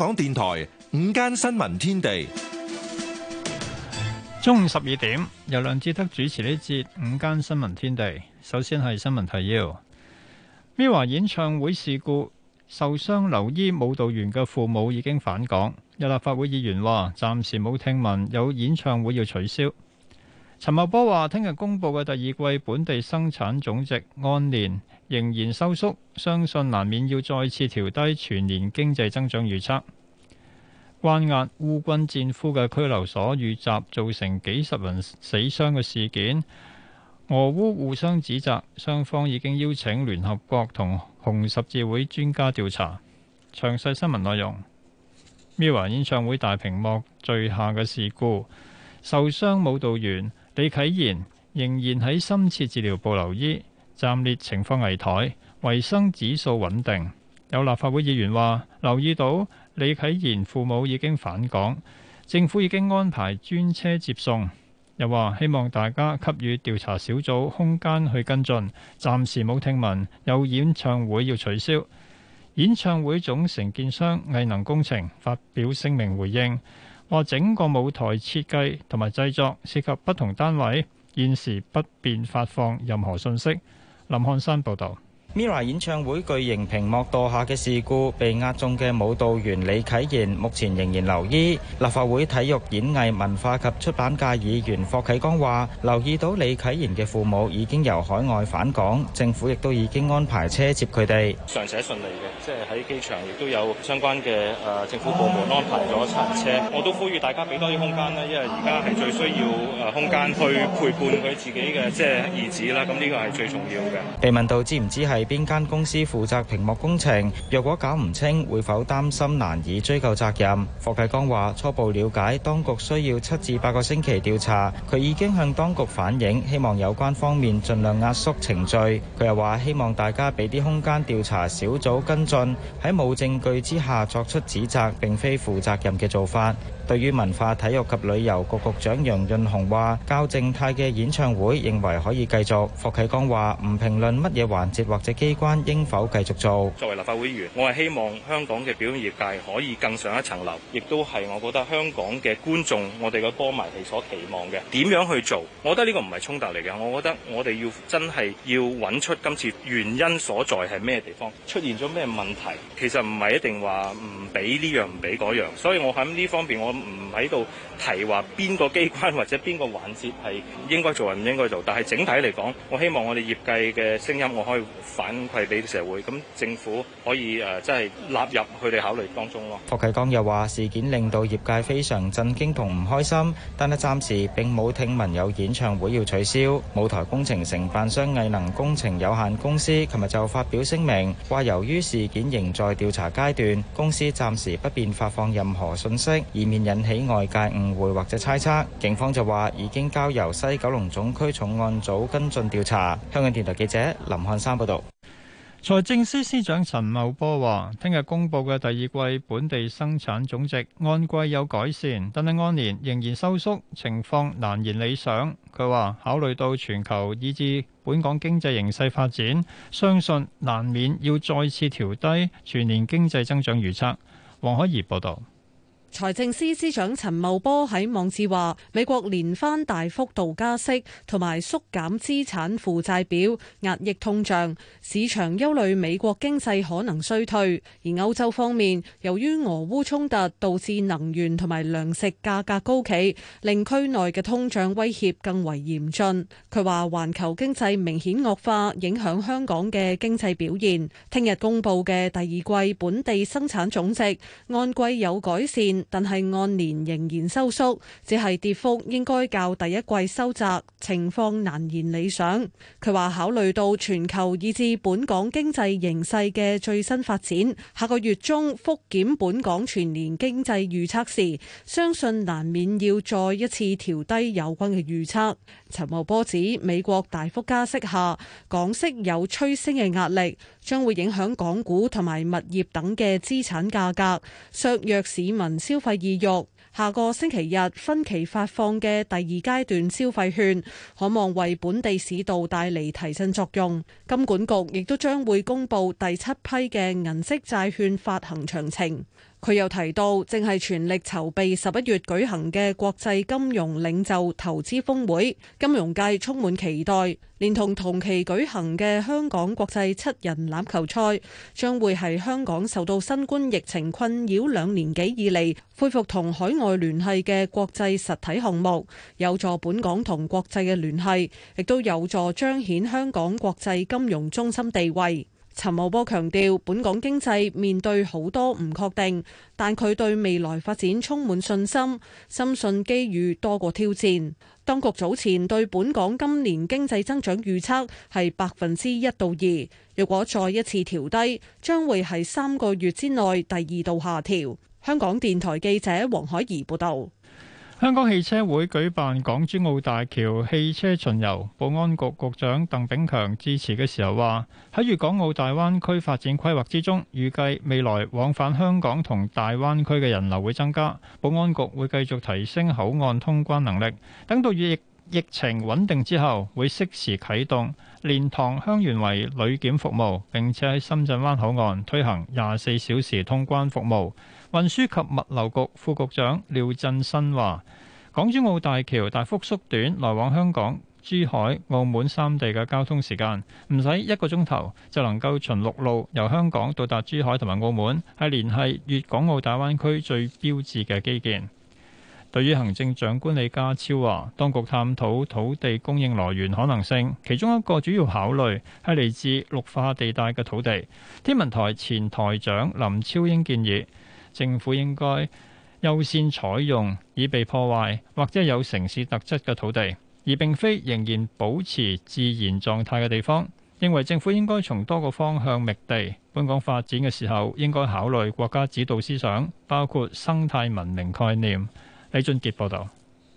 香港電台午間新聞天地，中午十二點由梁智德主持呢節午間新聞天地。首先係新聞提要。MIRROR 演唱會事故受傷留醫舞蹈員嘅父母已經返港。有立法會議員話暫時冇聽聞有演唱會要取消。陳茂波話聽日公佈嘅第二季本地生產總值按年，仍然收縮，相信難免要再次調低全年經濟增長預測。關押烏軍戰俘嘅拘留所遇襲，造成幾十人死傷嘅事件，俄烏互相指責，雙方已經邀請聯合國同紅十字會專家調查。詳細新聞內容。MIRROR 演唱會大屏幕墜下嘅事故，受傷舞蹈員李啟言仍然喺深切治療部留醫。暫列情況危殆，維生指數穩定。有立法會議員話留意到李啟言父母已經返港，政府已經安排專車接送。又話希望大家給予調查小組空間去跟進，暫時冇聽聞有演唱會要取消。演唱會總承建商藝能工程發表聲明回應，話整個舞台設計同埋製作涉及不同單位，現時不便發放任何信息。林漢山報道。Mirror 演唱會巨型屏幕墮下嘅事故，被壓中嘅舞蹈員李啟言目前仍然留醫。立法會體育、演藝、文化及出版界議員霍啟剛話：留意到李啟言嘅父母已經由海外返港，政府亦都已經安排車接佢哋。尚且順利嘅，即係喺機場亦都有相關嘅誒政府部門安排咗車車。我都呼籲大家俾多啲空間啦，因為而家係最需要誒空間去陪伴佢自己嘅即係兒子啦。咁呢個係最重要嘅。被問到知唔知係？邊間公司負責屏幕工程？若果搞唔清，會否擔心難以追究責任？霍啟剛話初步了解，當局需要七至八個星期調查。佢已經向當局反映，希望有關方面盡量壓縮程序。佢又話希望大家俾啲空間調查小組跟進。喺冇證據之下作出指責，並非負責任嘅做法。對於文化體育及旅遊局局長楊潤雄話較靜態嘅演唱會，認為可以繼續。霍啟剛話唔評論乜嘢環節或者。機關應否繼續做？作為立法會議員，我係希望香港嘅表演業界可以更上一層樓，亦都係我覺得香港嘅觀眾、我哋嘅歌迷係所期望嘅。點樣去做？我覺得呢個唔係衝突嚟嘅。我覺得我哋要真係要揾出今次原因所在係咩地方，出現咗咩問題。其實唔係一定話唔俾呢樣唔俾嗰樣。所以我喺呢方面，我唔喺度提話邊個機關或者邊個環節係應該做，唔應該做。但係整體嚟講，我希望我哋業界嘅聲音，我可以。反饋俾社會，咁政府可以誒，即係納入佢哋考慮當中咯。霍啟剛又話：事件令到業界非常震驚同唔開心，但係暫時並冇聽聞有演唱會要取消。舞台工程承辦商藝能工程有限公司琴日就發表聲明，話由於事件仍在調查階段，公司暫時不便發放任何訊息，以免引起外界誤會或者猜測。警方就話已經交由西九龍總區重案組跟進調查。香港電台記者林漢山報道。財政司司長陳茂波話，聽日公布嘅第二季本地生產總值按季有改善，但係按年仍然收縮，情況難言理想。佢話考慮到全球以至本港經濟形勢發展，相信難免要再次調低全年經濟增長預測。黃海怡報道。財政司司長陳茂波喺網誌話：美國連番大幅度加息同埋縮減資產負債表，壓抑通脹，市場憂慮美國經濟可能衰退。而歐洲方面，由於俄烏衝突導致能源同埋糧食價格高企，令區內嘅通脹威脅更為嚴峻。佢話環球經濟明顯惡化，影響香港嘅經濟表現。聽日公布嘅第二季本地生產總值，按季有改善。但係按年仍然收縮，只係跌幅應該較第一季收窄，情況難言理想。佢話考慮到全球以至本港經濟形勢嘅最新發展，下個月中復檢本港全年經濟預測時，相信難免要再一次調低有關嘅預測。陳茂波指美國大幅加息下，港息有趨升嘅壓力。將會影響港股同埋物業等嘅資產價格，削弱市民消費意慾。下個星期日分期發放嘅第二階段消費券，可望為本地市道帶嚟提振作用。金管局亦都將會公布第七批嘅銀色債券發行詳情。佢又提到，正係全力籌備十一月舉行嘅國際金融領袖投資峰會，金融界充滿期待。連同同期舉行嘅香港國際七人欖球賽，將會係香港受到新冠疫情困擾兩年幾以嚟，恢復同海外聯繫嘅國際實體項目，有助本港同國際嘅聯繫，亦都有助彰顯香港國際金融中心地位。陳茂波強調，本港經濟面對好多唔確定，但佢對未來發展充滿信心，深信機遇多過挑戰。當局早前對本港今年經濟增長預測係百分之一到二，若果再一次調低，將會係三個月之內第二度下調。香港電台記者黃海怡報道。香港汽車會舉辦港珠澳大橋汽車巡遊，保安局局長鄧炳強致辭嘅時候話：喺粵港澳大灣區發展規劃之中，預計未來往返香港同大灣區嘅人流會增加，保安局會繼續提升口岸通關能力，等到粵。疫情穩定之後，會適時啟動蓮塘香園圍旅檢服務，並且喺深圳灣口岸推行廿四小時通關服務。運輸及物流局副局長廖振新話，港珠澳大橋大幅縮短來往香港、珠海、澳門三地嘅交通時間，唔使一個鐘頭就能夠循陸路由香港到達珠海同埋澳門，係聯繫粵港澳大灣區最標誌嘅基建。對於行政長官李家超話，當局探討土地供應來源可能性，其中一個主要考慮係嚟自綠化地帶嘅土地。天文台前台長林超英建議，政府應該優先採用已被破壞或者有城市特質嘅土地，而並非仍然保持自然狀態嘅地方。認為政府應該從多個方向覓地，本港發展嘅時候應該考慮國家指導思想，包括生態文明概念。李俊杰報道，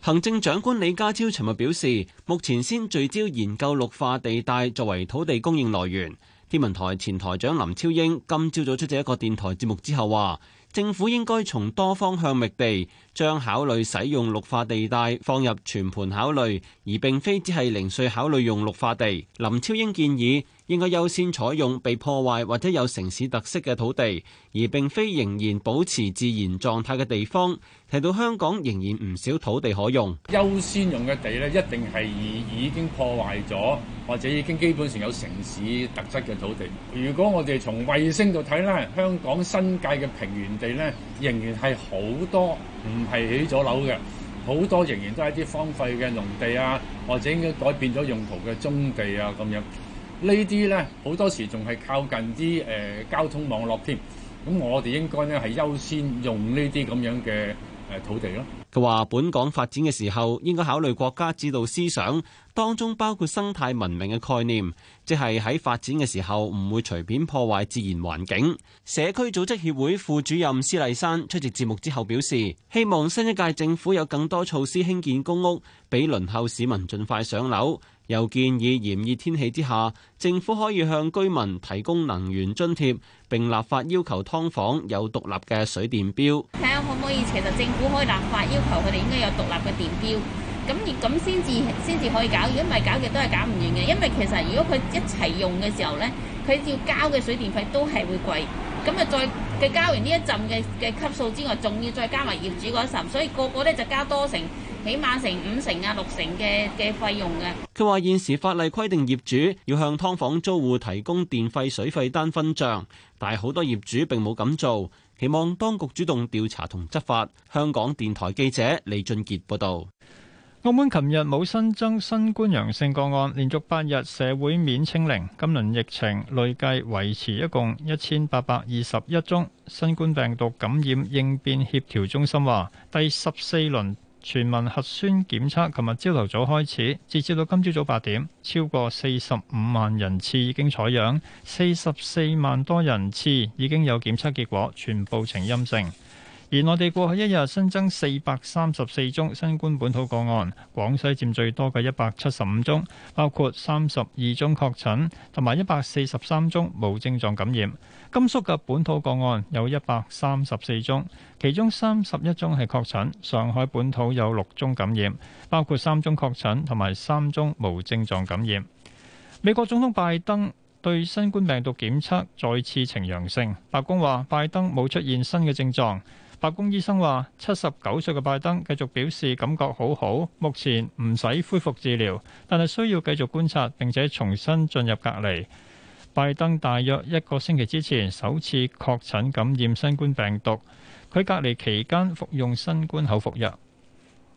行政長官李家超尋日表示，目前先聚焦研究綠化地帶作為土地供應來源。天文台前台長林超英今朝早出席一個電台節目之後，話政府應該從多方向覓地，將考慮使用綠化地帶放入全盤考慮，而並非只係零碎考慮用綠化地。林超英建議，應該優先採用被破壞或者有城市特色嘅土地，而並非仍然保持自然狀態嘅地方。提到香港仍然唔少土地可用，優先用嘅地咧，一定係已已經破壞咗或者已經基本上有城市特質嘅土地。如果我哋從衛星度睇咧，香港新界嘅平原地咧仍然係好多唔係起咗樓嘅，好多仍然都係啲荒廢嘅農地啊，或者應該改變咗用途嘅棕地啊咁樣。呢啲呢好多時仲係靠近啲誒、呃、交通網絡添，咁我哋應該呢係優先用呢啲咁樣嘅誒土地咯。佢話：本港發展嘅時候應該考慮國家指導思想，當中包括生態文明嘅概念，即係喺發展嘅時候唔會隨便破壞自然環境。社區組織協會副主任施麗珊出席節目之後表示，希望新一屆政府有更多措施興建公屋，俾輪候市民盡快上樓。又建議炎熱天氣之下，政府可以向居民提供能源津貼，並立法要求劏房有獨立嘅水電表。睇下可唔可以，其實政府可以立法要求佢哋應該有獨立嘅電表，咁而咁先至先至可以搞，如果唔係搞嘅都係搞唔完嘅，因為其實如果佢一齊用嘅時候咧，佢要交嘅水電費都係會貴。咁啊再嘅交完呢一陣嘅嘅級數之外，仲要再加埋業主嗰一層，所以個個咧就加多成。起碼成五成啊，六成嘅嘅費用嘅。佢話現時法例規定業主要向劏房租戶提供電費水費單分賬，但係好多業主並冇咁做。期望當局主動調查同執法。香港電台記者李俊傑報道。澳門琴日冇新增新冠陽性個案，連續八日社會面清零。今輪疫情累計維持一共一千八百二十一宗。新冠病毒感染應變協調中心話，第十四輪。全民核酸檢測，琴日朝頭早開始，截至到今朝早八點，超過四十五萬人次已經採樣，四十四萬多人次已經有檢測結果，全部呈陰性。而內地過去一日新增四百三十四宗新冠本土個案，廣西佔最多嘅一百七十五宗，包括三十二宗確診同埋一百四十三宗無症狀感染。甘肅嘅本土個案有一百三十四宗，其中三十一宗係確診。上海本土有六宗感染，包括三宗確診同埋三宗無症狀感染。美國總統拜登對新冠病毒檢測再次呈陽性，白宮話拜登冇出現新嘅症狀。白宮醫生話，七十九歲嘅拜登繼續表示感覺好好，目前唔使恢複治療，但係需要繼續觀察，並且重新進入隔離。拜登大約一個星期之前首次確診感染新冠病毒，佢隔離期間服用新冠口服藥。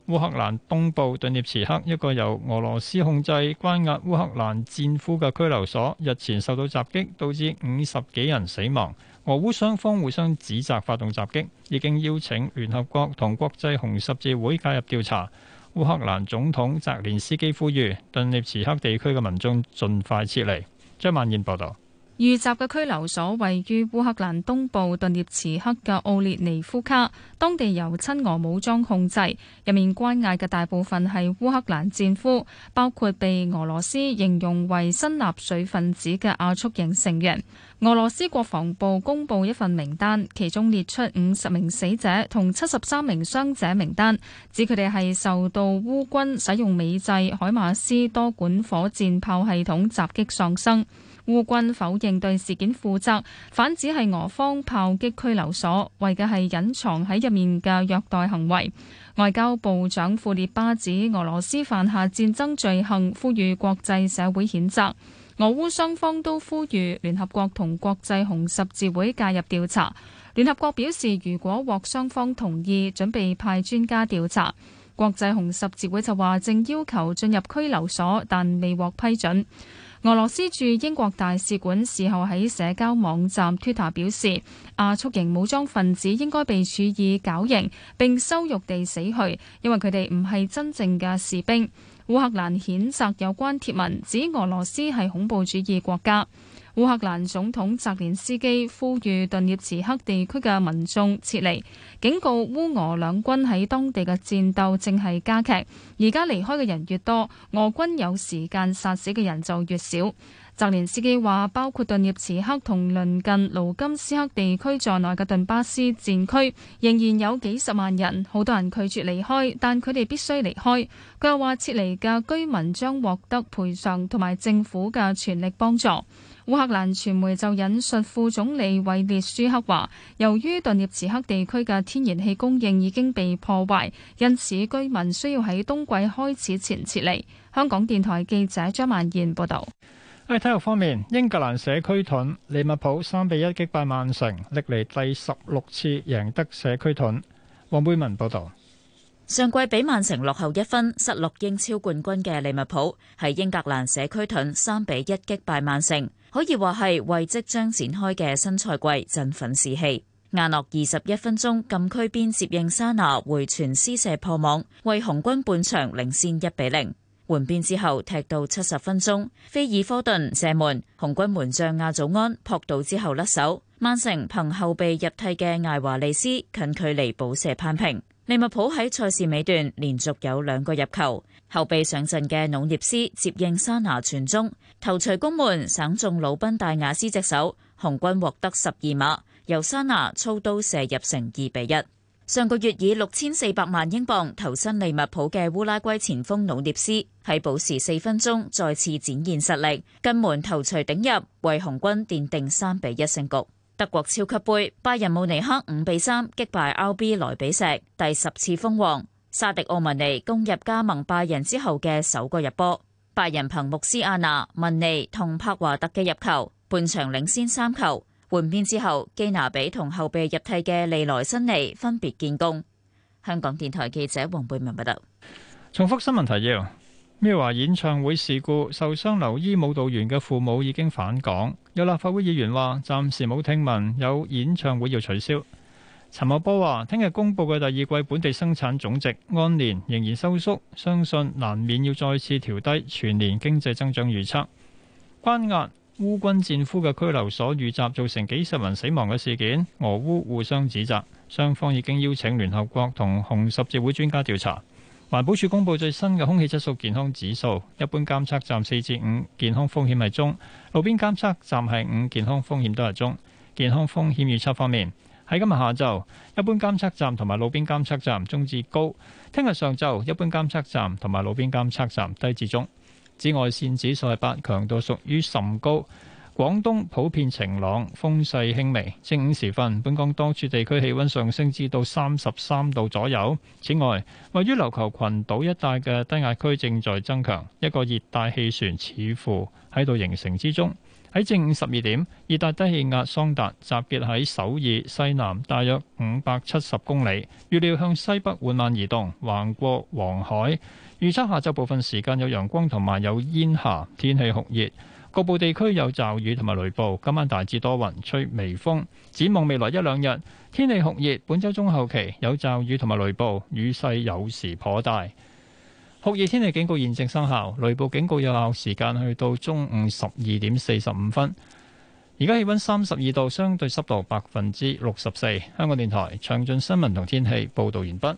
烏克蘭東部頓涅茨克一個由俄羅斯控制、關押烏克蘭戰俘嘅拘留所，日前受到襲擊，導致五十幾人死亡。俄烏雙方互相指責發動襲擊，已經邀請聯合國同國際紅十字會介入調查。烏克蘭總統澤連斯基呼籲頓涅茨克地區嘅民眾盡快撤離。張曼燕報導。遇襲嘅拘留所位於烏克蘭東部頓涅茨克嘅奧列尼夫卡，當地由親俄武裝控制，入面關押嘅大部分係烏克蘭戰俘，包括被俄羅斯形容為新納粹分子嘅亞速營成員。俄羅斯國防部公布一份名單，其中列出五十名死者同七十三名傷者名單，指佢哋係受到烏軍使用美製海馬斯多管火箭炮系統襲擊喪生。烏軍否認對事件負責，反指係俄方炮擊拘留所，為嘅係隱藏喺入面嘅虐待行為。外交部長庫列巴指俄羅斯犯下戰爭罪行，呼籲國際社會譴責。俄烏雙方都呼籲聯合國同國際紅十字會介入調查。聯合國表示，如果獲雙方同意，準備派專家調查。國際紅十字會就話正要求進入拘留所，但未獲批准。俄羅斯駐英國大使館事後喺社交網站 Twitter 表示：阿速營武裝分子應該被處以絞刑，並羞辱地死去，因為佢哋唔係真正嘅士兵。烏克蘭譴責有關貼文，指俄羅斯係恐怖主義國家。烏克蘭總統澤連斯基呼籲頓，頓涅茨克地區嘅民眾撤離，警告烏俄兩軍喺當地嘅戰鬥正係加劇。而家離開嘅人越多，俄軍有時間殺死嘅人就越少。澤連斯基話，包括頓涅茨克同鄰近盧甘斯克地區在內嘅頓巴斯戰區，仍然有幾十萬人，好多人拒絕離開，但佢哋必須離開。佢又話，撤離嘅居民將獲得賠償同埋政府嘅全力幫助。烏克蘭傳媒就引述副總理維列舒克話，由於頓涅茨克地區嘅天然氣供應已經被破壞，因此居民需要喺冬季開始前撤離。香港電台記者張萬燕報道。喺體育方面，英格蘭社區盾利物浦三比一擊敗曼城，歷嚟第十六次贏得社區盾。黃貝文報道。上季比曼城落後一分，失落英超冠軍嘅利物浦，喺英格蘭社區盾三比一擊敗曼城。可以話係為即將展開嘅新賽季振奮士氣。亞諾二十一分鐘禁區邊接應沙拿回傳施射破網，為紅軍半場領先一比零。換邊之後踢到七十分鐘，菲爾科頓射門，紅軍門將亞祖安撲倒之後甩手。曼城憑後備入替嘅艾華利斯近距離補射攀平。利物浦喺賽事尾段連續有兩個入球。後備上陣嘅努涅斯接應沙拿傳中頭槌攻門，省中魯賓大雅斯隻手，紅軍獲得十二碼，由沙拿操刀射入成二比一。上個月以六千四百萬英鎊投身利物浦嘅烏拉圭前鋒努涅斯喺補時四分鐘再次展現實力，跟門頭槌頂入，為紅軍奠定三比一勝局。德國超級杯拜仁慕尼克五比三擊敗 RB 萊比錫，第十次封王。沙迪奧文尼攻入加盟拜仁之後嘅首個入波，拜仁憑穆斯阿娜、文尼同柏華特嘅入球，半場領先三球。換邊之後，基拿比同後備入替嘅利萊辛尼分別建功。香港電台記者黃貝文報道。重複新聞提要：MIRROR 演唱會事故受傷留醫舞蹈員嘅父母已經返港。有立法會議員話，暫時冇聽聞有演唱會要取消。陳茂波話，聽日公布嘅第二季本地生產總值按年仍然收縮，相信難免要再次調低全年經濟增長預測。關押烏軍戰俘嘅拘留所遇襲，造成幾十人死亡嘅事件，俄烏互相指責，雙方已經邀請聯合國同紅十字會專家調查。環保署公布最新嘅空氣質素健康指數，一般監測站四至五，健康風險係中；路邊監測站係五，健康風險都係中。健康風險預測方面。喺今日下晝，一般監測站同埋路邊監測站中至高；聽日上晝，一般監測站同埋路邊監測站低至中。紫外線指數係，八，強度屬於甚高。廣東普遍晴朗，風勢輕微。正午時分，本港多處地區氣溫上升至到三十三度左右。此外，位於琉球群島一帶嘅低壓區正在增強，一個熱帶氣旋似乎喺度形成之中。喺正午十二點，熱帶低氣壓桑達集結喺首爾西南大約五百七十公里，預料向西北緩慢移動，橫過黃海。預測下晝部分時間有陽光同埋有煙霞，天氣酷熱，局部地區有驟雨同埋雷暴。今晚大致多雲，吹微風。展望未來一兩日，天氣酷熱，本週中後期有驟雨同埋雷暴，雨勢有時頗大。酷熱天氣警告，現正生效，雷暴警告有效時間去到中午十二點四十五分。而家氣溫三十二度，相對濕度百分之六十四。香港電台詳盡新聞同天氣報道完畢。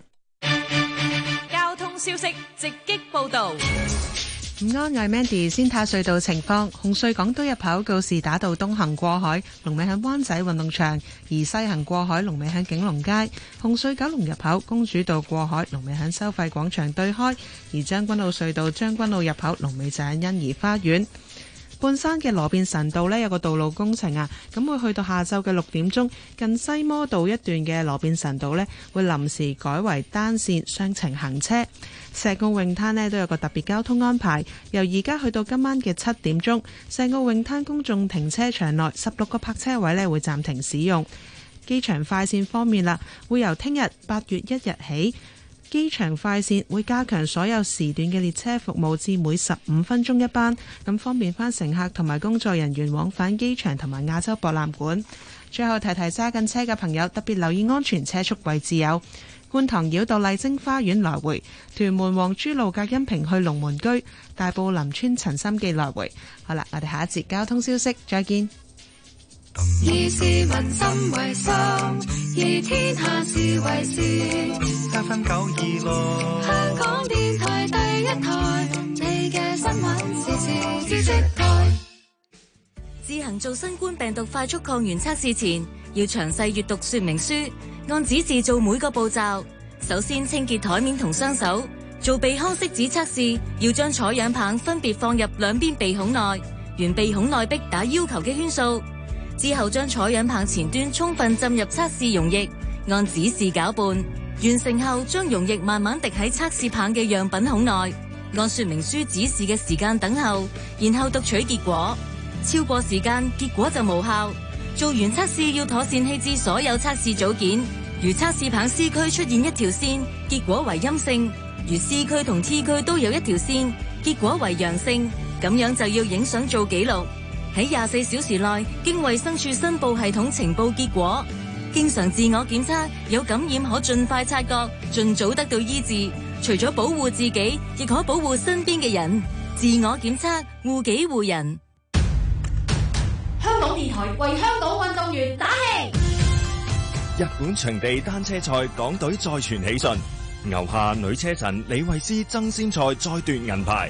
交通消息直擊報道。唔安、嗯，我係 Mandy。先睇隧道情況，紅隧港島入口告士打道東行過海，龍尾響灣仔運動場；而西行過海，龍尾響景隆街。紅隧九龍入口公主道過海，龍尾響收費廣場對開；而將軍澳隧道將軍澳入口，龍尾就喺欣怡花園。半山嘅羅便臣道呢，有個道路工程啊，咁會去到下晝嘅六點鐘，近西摩道一段嘅羅便臣道呢，會臨時改為單線雙程行車。石澳泳灘呢，都有個特別交通安排，由而家去到今晚嘅七點鐘，石澳泳灘公眾停車場內十六個泊車位呢，會暫停使用。機場快線方面啦，會由聽日八月一日起。機場快線會加強所有時段嘅列車服務至每十五分鐘一班，咁方便翻乘客同埋工作人員往返機場同埋亞洲博覽館。最後提提揸緊車嘅朋友，特別留意安全車速位置。有觀塘繞道麗晶花園來回、屯門黃珠路隔音屏去龍門居、大埔林村陳心記來回。好啦，我哋下一節交通消息再見。以市民心為心，以天下事為事。九二六，香港電台第一台，你嘅新聞時事資訊台。自行做新冠病毒快速抗原測試前，要詳細閱讀說明書，按指示做每個步驟。首先清潔台面同雙手，做鼻腔拭子測試，要將採樣棒分別放入兩邊鼻孔內，沿鼻孔內壁打要求嘅圈數。之後將採樣棒前端充分浸入測試溶液，按指示攪拌，完成後將溶液慢慢滴喺測試棒嘅樣品孔內，按說明書指示嘅時間等候，然後讀取結果。超過時間，結果就無效。做完測試要妥善棄置所有測試組件。如測試棒 C 區出現一條線，結果為陰性；如 C 區同 T 區都有一條線，結果為陽性。咁樣就要影相做記錄。喺廿四小時內經衛生署申報系統呈報結果，經常自我檢測有感染可盡快察覺，盡早得到醫治。除咗保護自己，亦可保護身邊嘅人。自我檢測，護己護人。香港電台為香港運動員打氣。日本場地單車賽，港隊再傳喜訊，牛下女車神李慧詩爭先賽再奪銀牌。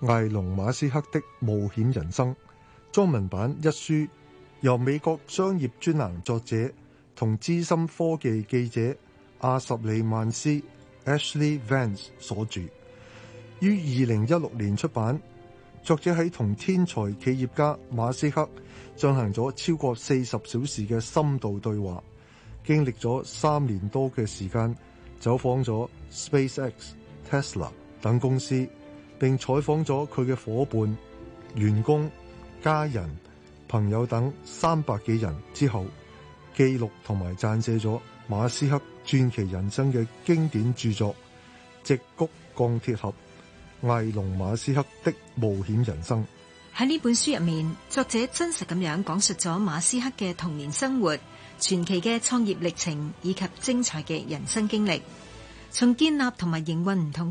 艾隆馬斯克的冒險人生，中文版一書由美國，商業專欄作者同資深科技記者阿什利萬斯 Ashley Vance 所著，於二零一六年出版。作者喺同天才企業家馬斯克進行咗超過四十小時嘅深度對話，經歷咗三年多嘅時間，走訪咗 SpaceX、Tesla 等公司。並採訪咗佢嘅夥伴、員工、家人、朋友等三百幾人之後，記錄同埋撰寫咗馬斯克傳奇人生嘅經典著作《直谷鋼鐵俠：埃隆馬斯克的冒險人生》。喺呢本書入面，作者真實咁樣講述咗馬斯克嘅童年生活、傳奇嘅創業歷程以及精彩嘅人生經歷，從建立同埋營運唔同。